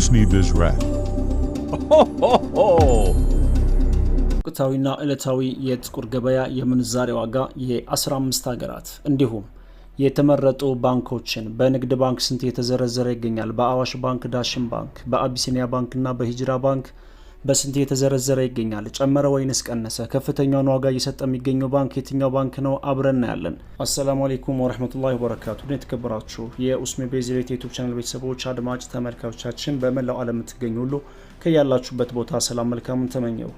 just need this rat. ወቅታዊና ዕለታዊ የጥቁር ገበያ የምንዛሬ ዋጋ የአስራ አምስት ሀገራት እንዲሁም የተመረጡ ባንኮችን በንግድ ባንክ ስንት የተዘረዘረ ይገኛል። በአዋሽ ባንክ፣ ዳሽን ባንክ፣ በአቢሲኒያ ባንክ እና በሂጅራ ባንክ በስንት እየተዘረዘረ ይገኛል? ጨመረ ወይንስ ቀነሰ? ከፍተኛውን ዋጋ እየሰጠ የሚገኘው ባንክ የትኛው ባንክ ነው? አብረ እናያለን። አሰላሙ አሌይኩም ወረህመቱላሂ ወበረካቱ። የተከበራችሁ የኡስሜ ቤዝሌት ዩቱብ ቻናል ቤተሰቦች አድማጭ ተመልካዮቻችን በመላው ዓለም የምትገኙ ሁሉ ከያላችሁበት ቦታ ሰላም መልካሙን ተመኘው።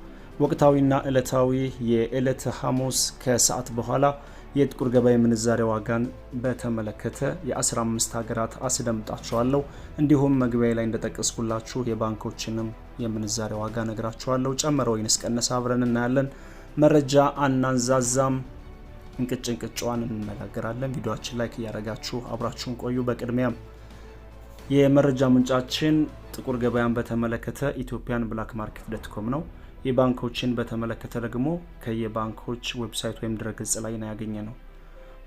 ወቅታዊና ዕለታዊ የዕለት ሐሙስ ከሰዓት በኋላ የጥቁር ገበያ የምንዛሬ ዋጋን በተመለከተ የ15 ሀገራት አስደምጣችኋለሁ። እንዲሁም መግቢያ ላይ እንደጠቀስኩላችሁ የባንኮችንም የምንዛሬ ዋጋ ነግራችኋለሁ። ጨመረ ወይንስ ቀነሰ? አብረን እናያለን። መረጃ አናንዛዛም፣ እንቅጭ እንቅጫዋን እንነጋገራለን። ቪዲዮችን ላይክ እያደረጋችሁ አብራችሁን ቆዩ። በቅድሚያም የመረጃ ምንጫችን ጥቁር ገበያን በተመለከተ ኢትዮጵያን ብላክ ማርኬት ዶት ኮም ነው። የባንኮችን በተመለከተ ደግሞ ከየባንኮች ዌብሳይት ወይም ድረገጽ ላይ ነው ያገኘ ነው።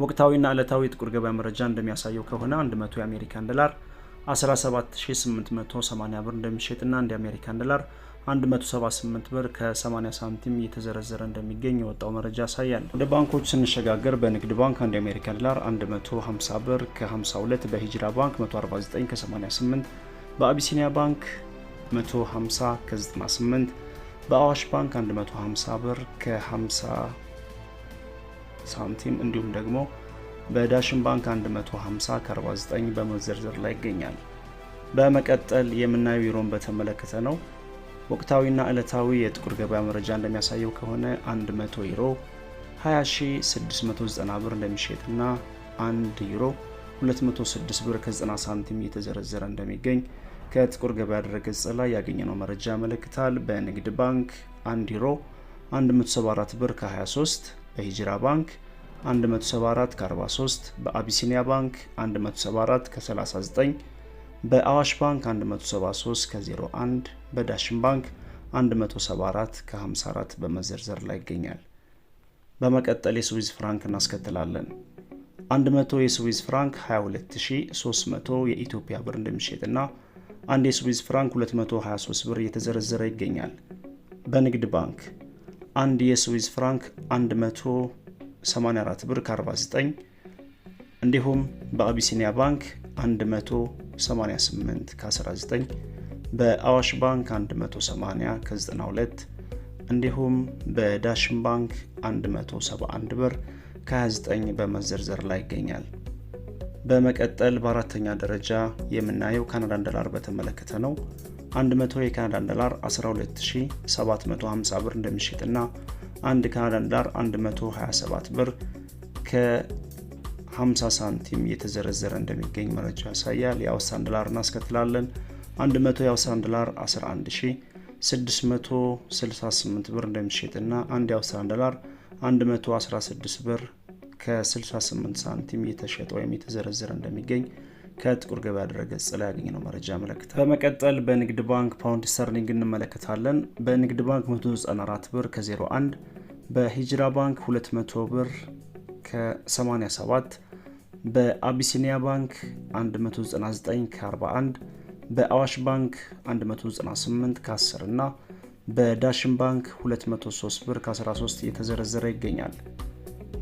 ወቅታዊና ዕለታዊ የጥቁር ገበያ መረጃ እንደሚያሳየው ከሆነ 100 የአሜሪካን ዶላር 17880 ብር እንደሚሸጥና 1 የአሜሪካን ዶላር 178 ብር ከ80 ሳንቲም እየተዘረዘረ እንደሚገኝ የወጣው መረጃ ያሳያል። ወደ ባንኮች ስንሸጋገር በንግድ ባንክ 1 የአሜሪካን ዶላር 150 ብር ከ52፣ በሂጅራ ባንክ 149 ከ88፣ በአቢሲኒያ ባንክ 150 ከ98 በአዋሽ ባንክ 150 ብር ከ50 ሳንቲም እንዲሁም ደግሞ በዳሽን ባንክ 150 ከ49 በመዘርዘር ላይ ይገኛል። በመቀጠል የምናየው ዩሮን በተመለከተ ነው። ወቅታዊና ዕለታዊ የጥቁር ገበያ መረጃ እንደሚያሳየው ከሆነ 100 ዩሮ 20690 ብር እንደሚሸጥና 1 ዩሮ 206 ብር ከ90 ሳንቲም እየተዘረዘረ እንደሚገኝ ከጥቁር ገበያ ድረገጽ ላይ ያገኘነው መረጃ ያመለክታል። በንግድ ባንክ 1 ዩሮ 174 ብር ከ23፣ በሂጅራ ባንክ 174 ከ43፣ በአቢሲኒያ ባንክ 174 ከ39፣ በአዋሽ ባንክ 173 ከ01፣ በዳሽን ባንክ 174 ከ54 በመዘርዘር ላይ ይገኛል። በመቀጠል የስዊዝ ፍራንክ እናስከትላለን። 100 የስዊዝ ፍራንክ 22300 የኢትዮጵያ ብር እንደሚሸጥና አንድ የስዊዝ ፍራንክ 223 ብር እየተዘረዘረ ይገኛል። በንግድ ባንክ አንድ የስዊዝ ፍራንክ 184 ብር ከ49 እንዲሁም በአቢሲኒያ ባንክ 188 ከ19 በአዋሽ ባንክ 180 ከ92 እንዲሁም በዳሽን ባንክ 171 ብር ከ29 በመዘርዘር ላይ ይገኛል። በመቀጠል በአራተኛ ደረጃ የምናየው ካናዳን ዶላር በተመለከተ ነው። 100 የካናዳን ዶላር 12750 ብር እንደሚሸጥና አንድ ካናዳን ዶላር 127 ብር ከ50 ሳንቲም እየተዘረዘረ እንደሚገኝ መረጃ ያሳያል። የአውስትራሊያን ዶላር እናስከትላለን። 100 የአውስትራሊያን ዶላር 11668 ብር እንደሚሸጥና አንድ የአውስትራሊያን ዶላር 116 ብር ከ68 ሳንቲም የተሸጠ ወይም የተዘረዘረ እንደሚገኝ ከጥቁር ገበያ ድረገጽ ላይ ያገኘነው መረጃ ያመለክታል። በመቀጠል በንግድ ባንክ ፓውንድ ስተርሊንግ እንመለከታለን። በንግድ ባንክ 194 ብር ከ01፣ በሂጅራ ባንክ 200 ብር ከ87፣ በአቢሲኒያ ባንክ 199 ከ41፣ በአዋሽ ባንክ 198 ከ10 እና በዳሽን ባንክ 203 ብር ከ13 እየተዘረዘረ ይገኛል።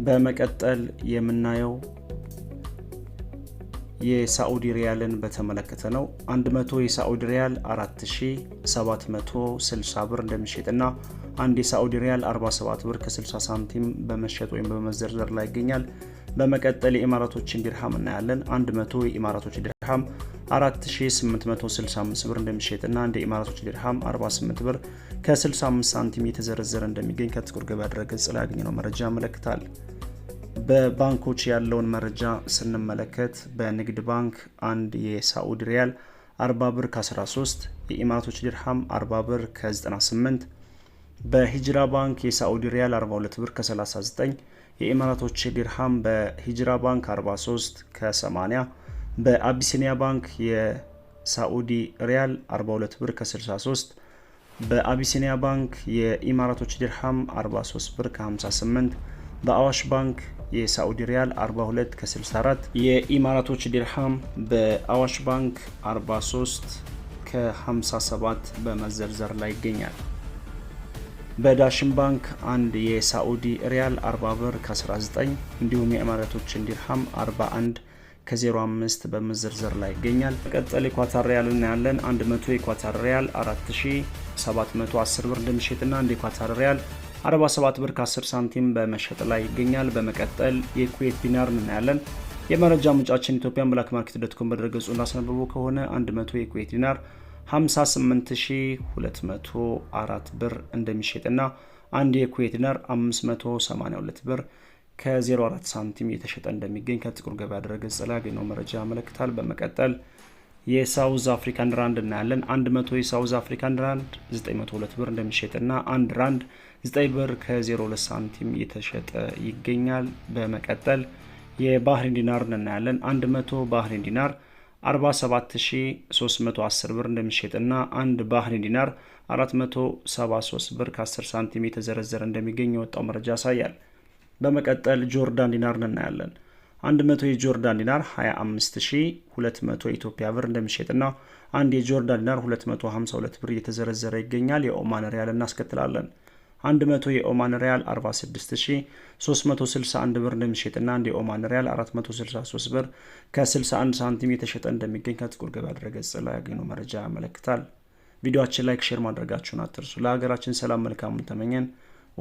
በመቀጠል የምናየው የሳዑዲ ሪያልን በተመለከተ ነው። 100 የሳዑዲ ሪያል 4760 ብር እንደሚሸጥና አንድ የሳዑዲ ሪያል 47 ብር ከ60 ሳንቲም በመሸጥ ወይም በመዘርዘር ላይ ይገኛል። በመቀጠል የኢማራቶችን ዲርሃም እናያለን። 100 የኢማራቶች ድርሃም 4865 ብር እና እንደ ኢማራቶች ድርሃም 48 ብር ከ65 ሳንቲም የተዘረዘረ እንደሚገኝ ከጥቁር ገበያ ድረገጽ ላይ ያገኘነው መረጃ ያመለክታል። በባንኮች ያለውን መረጃ ስንመለከት በንግድ ባንክ አንድ የሳዑድ ሪያል 40 ብር ከ13፣ የኢማራቶች ድርሃም 40 ብር ከ98፣ በሂጅራ ባንክ የሳዑዲ ሪያል 42 ብር ከ39፣ የኢማራቶች ድርሃም በሂጅራ ባንክ 43 ከ80 በአቢሲኒያ ባንክ የሳዑዲ ሪያል 42 ብር ከ63፣ በአቢሲኒያ ባንክ የኢማራቶች ዲርሃም 43 ብር ከ58፣ በአዋሽ ባንክ የሳዑዲ ሪያል 42 ከ64፣ የኢማራቶች ዲርሃም በአዋሽ ባንክ 43 ከ57 በመዘርዘር ላይ ይገኛል። በዳሽን ባንክ አንድ የሳዑዲ ሪያል 40 ብር ከ19 እንዲሁም የኢማራቶችን ዲርሃም 41 ከ05 በምዝርዝር ላይ ይገኛል። መቀጠል ኢኳታር ሪያል እናያለን። 100 ኢኳታር ሪያል 4710 ብር እንደሚሸጥና አንድ ኢኳታር ሪያል 47 ብር ከ10 ሳንቲም በመሸጥ ላይ ይገኛል። በመቀጠል የኩዌት ዲናር እናያለን። የመረጃ ምንጫችን ኢትዮጵያን ብላክ ማርኬት ዶትኮም በድረገጹ እንዳስነበበው ከሆነ 100 የኩዌት ዲናር 58204 ብር እንደሚሸጥና አንድ የኩዌት ዲናር 582 ብር ከ04 ሳንቲም እየተሸጠ እንደሚገኝ ከጥቁር ገበያ ድረገጽ ላይ ያገኘው መረጃ ያመለክታል። በመቀጠል የሳውዝ አፍሪካን ራንድ እናያለን። 100 የሳውዝ አፍሪካን ራንድ 902 ብር እንደሚሸጥና 1 ራንድ 9 ብር ከ02 ሳንቲም እየተሸጠ ይገኛል። በመቀጠል የባህሪን ዲናር እናያለን። 100 ባህሪን ዲናር 47310 ብር እንደሚሸጥና 1 ባህሪን ዲናር 473 ብር ከ10 ሳንቲም የተዘረዘረ እንደሚገኝ የወጣው መረጃ ያሳያል። በመቀጠል ጆርዳን ዲናርን እናያለን። 100 የጆርዳን ዲናር 25200 የኢትዮጵያ ብር እንደሚሸጥና አንድ የጆርዳን ዲናር 252 ብር እየተዘረዘረ ይገኛል። የኦማን ሪያል እናስከትላለን። 100 የኦማን ሪያል 46361 ብር እንደሚሸጥና አንድ የኦማን ሪያል 463 ብር ከ61 ሳንቲም የተሸጠ እንደሚገኝ ከጥቁር ገበያ ድረገጽ ላይ ያገኘነው መረጃ ያመለክታል። ቪዲዮችን ላይክ፣ ሼር ማድረጋችሁን አትርሱ። ለሀገራችን ሰላም መልካሙን ተመኘን።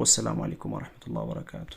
ወሰላሙ አሌይኩም ወረህመቱላህ ወበረካቱ።